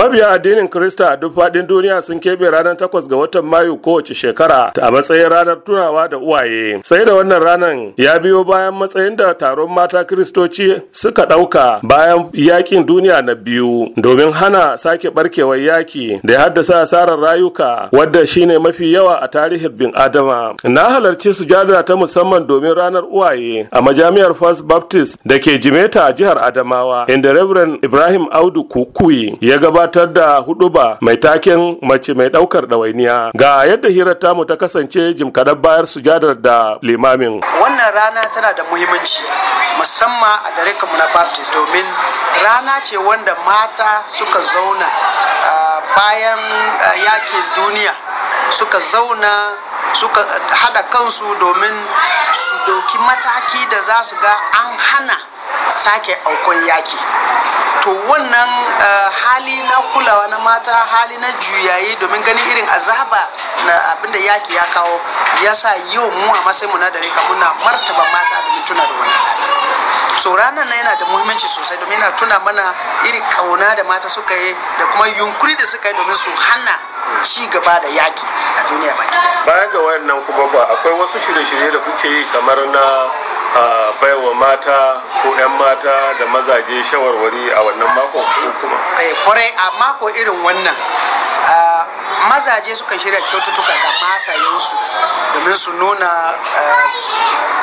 Mabiya addinin Kirista a duk faɗin duniya sun keɓe ranar takwas ga watan Mayu kowace shekara a matsayin ranar tunawa da uwaye. Sai da wannan ranar ya biyo bayan matsayin da taron mata Kiristoci suka ɗauka bayan yakin duniya na biyu domin hana sake barkewar yaki da ya haddasa asarar rayuka wadda shine mafi yawa a tarihin bin Adama. Na halarci sujada ta musamman domin ranar uwaye a majami'ar First Baptist da ke Jimeta a jihar Adamawa inda Reverend Ibrahim Audu Kukui ya gabata. gabatar da huduba mai taken mace mai daukar ɗawainiya ga yadda hirar tamu ta kasance jim kadan bayar sujadar da limamin. Wannan rana tana da muhimmanci musamman a dare na Baptist domin rana ce wanda mata suka zauna bayan yakin duniya suka zauna suka hada kansu domin su doki mataki da za su ga an hana sake aukon yaki to wannan eh, hali na kulawa na mata hali na juyayi domin ganin irin azaba na abinda yaki ya kawo ya sa yau mu a matsayin mu na dare ka muna martaba mata domin tuna da wannan hali so ranar na yana da muhimmanci sosai domin yana tuna mana irin kauna da mata suka yi da kuma yunkuri da suka yi domin su hana ci gaba da yaki a duniya baki bayan ga wayannan kuma ba akwai wasu shirye-shirye da kuke yi kamar na a baiwa mata ko 'yan mata da mazaje shawarwari a wannan mako kuma eh, kwarai a mako irin wannan mazaje sukan shirya kyaututtuka ga yansu domin su nuna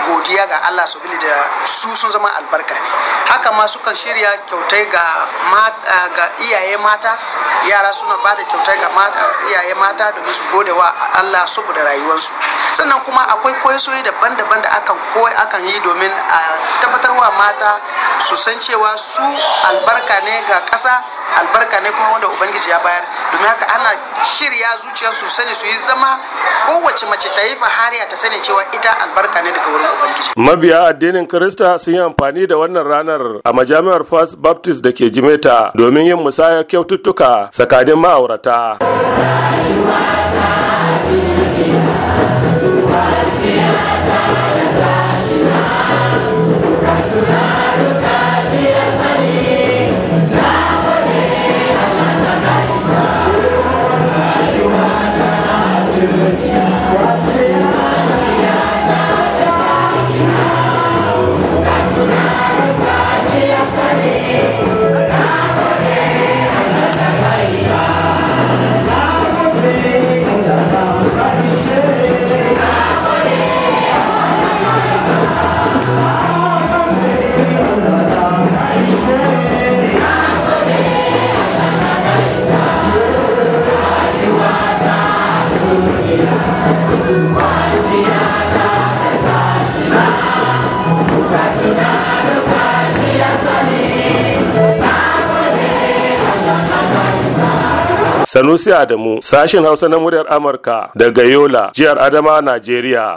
godiya ga Allah su bili da su sun zama albarka ne haka ma sukan shirya kyautai ga iyaye mata yara suna ba da kyautai ga iyaye mata domin su gode wa Allah saboda rayuwarsu sannan kuma akwai koyosoyi daban-daban da akan koyi akan yi domin a tabbatar wa mata su san cewa su albarka ne ga ƙasa albarka ne kuma wanda ubangiji ya bayar domin haka ana shirya zuciya su sani su yi zama kowace mace ta yi fahariya ta sani cewa ita albarka ne daga wurin ubangiji mabiya addinin kirista sun yi amfani da wannan ranar a majami'ar first baptist da ke jimeta domin yin musayar kyaututtuka tsakanin ma'aurata Sanusi Adamu, sashin Hausa na muryar Amurka daga Yola, jihar Adama, Najeriya.